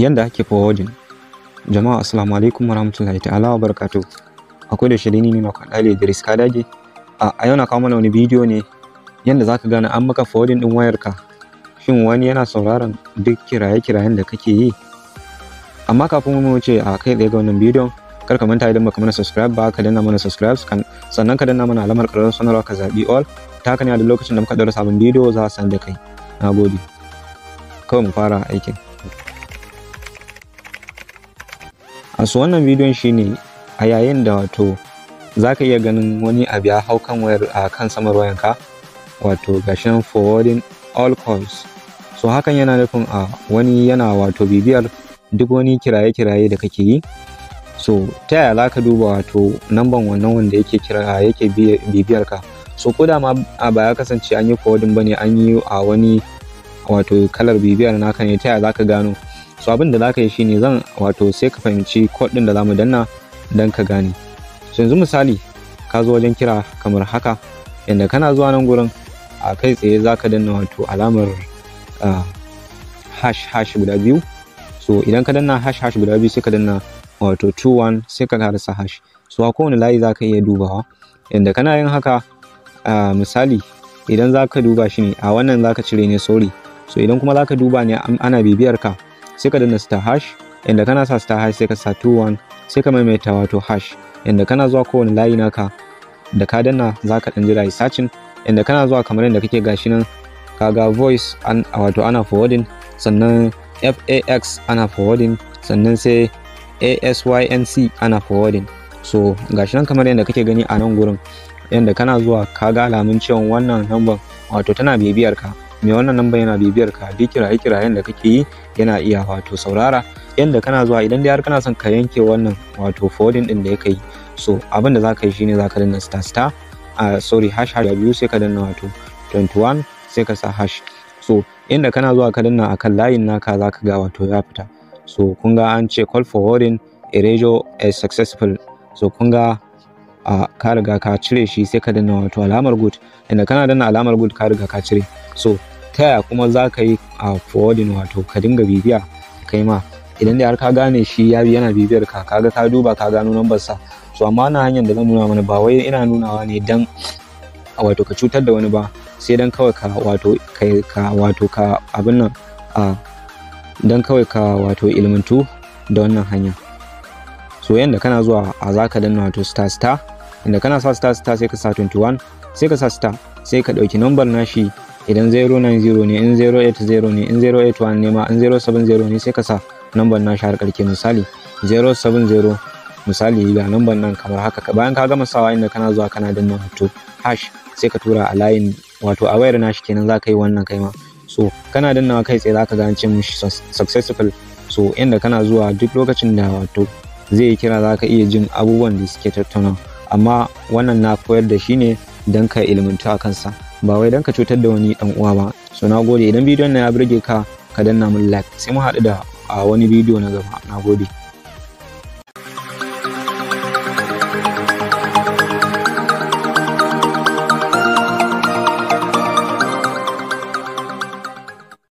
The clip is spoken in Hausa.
yanda ake forwarding jama'a assalamu alaikum warahmatullahi ta'ala wa barakatu akwai da shirini ne maka dale Idris ka dage a yau na kawo mana wani bidiyo ne yanda zaka gane an maka forwarding din wayar ka shin wani yana sauraron duk kiraye-kirayen da kake yi amma kafin mu wuce a kai tsaye ga wannan bidiyo? kar ka manta idan baka mana subscribe ba ka danna mana subscribe sannan ka danna mana alamar ƙararrawar sanarwa ka zaɓi all ta haka ne a duk lokacin da muka ɗaura sabon bidiyo za a san da kai na gode kawai mu fara aikin a ah, su wannan bidiyon shine a yayin da wato za ka iya ganin wani abu ya hau kan wayar a ah, kan samar wayanka wato gashin forwarding all calls so hakan yana nufin a ah, wani yana wato bibiyar duk wani kiraye-kiraye da kake yi so ta yaya za ka duba wato namban wannan wanda yake kira yake bibiyar ka so ko da ma ba ya kasance an yi forwarding bane an yi a wani wato kalar bibiyar naka ne ta yaya za ka gano so abin da zaka yi shine zan wato sai ka fahimci code din da zamu danna dan ka gane so yanzu misali ka zo wajen kira kamar haka inda kana zuwa nan gurin a kai tsaye zaka danna wato alamar hash hash guda biyu so idan ka danna hash hash guda biyu sai ka danna wato 21 sai ka karasa hash so a kowane layi zaka iya dubawa inda kana yin haka misali idan zaka duba shi ne a wannan zaka cire ne sorry so idan kuma zaka duba ne ana bibiyar ka sai ka danna star hash inda kana sa star hash sai ka sa 21 sai ka maimaita wato hash inda kana zuwa kowane layi naka da ka danna za ka ɗan jira yi sacin inda kana zuwa kamar yadda kake gashi nan kaga voice an wato ana forwarding sannan fax ana forwarding sannan sai async ana forwarding so gashi nan kamar yadda kake gani a nan gurin yadda kana zuwa kaga alamun cewa wannan number wato tana bibiyar ka mai wannan number yana bibiyar ka duk kiraye-kirayen da kake yi yana iya wato saurara yanda kana zuwa idan dai har kana son ka yanke wannan wato forwarding din da yake yi so abin da zaka yi shine zaka danna star star uh, sorry hash hash biyu sai ka danna wato 21 sai ka sa hash so inda kana zuwa ka danna akan layin naka zaka ga wato ya fita so kun ga an ce call for warning erasure is successful so kun ga uh, ka riga ka cire shi sai ka danna wato alamar good inda kana danna alamar good ka riga ka cire so ta yaya kuma za ka yi a forwarding wato ka dinga bibiya kai ma idan da har ka gane shi ya bi yana bibiyar ka kaga ka duba ka gano nambar sa so amma na hanyar da zan nuna mana ba wai ina nunawa ne dan wato ka cutar da wani ba sai dan kawai ka wato ka wato ka abin nan a dan kawai ka wato da wannan hanya so yanda kana zuwa a zaka danna wato star star inda kana sa star star sai ka sa 21 sai ka sa star sai ka ɗauki nambar nashi idan 090 ne in 080 ne in 081 ne ma in 070 ne sai ka sa namban nashi har karke misali 070 misali ga number nan kamar haka bayan ka gama sawa inda kana zuwa kana danna hoto hash sai ka tura a layin wato a wayar nashi kenan za ka yi wannan kai ma so kana dannawa kai tsaye za ka ga cin successful so inda kana zuwa duk lokacin da wato zai yi kira za ka iya jin abubuwan da suke tattauna amma wannan na koyar da shi ne don ka ilmantu a kansa ba wai don ka cutar da wani dan uwa ba so na gode idan bidiyon na ya burge ka ka danna min like sai mu haɗu da wani bidiyo na gaba na gode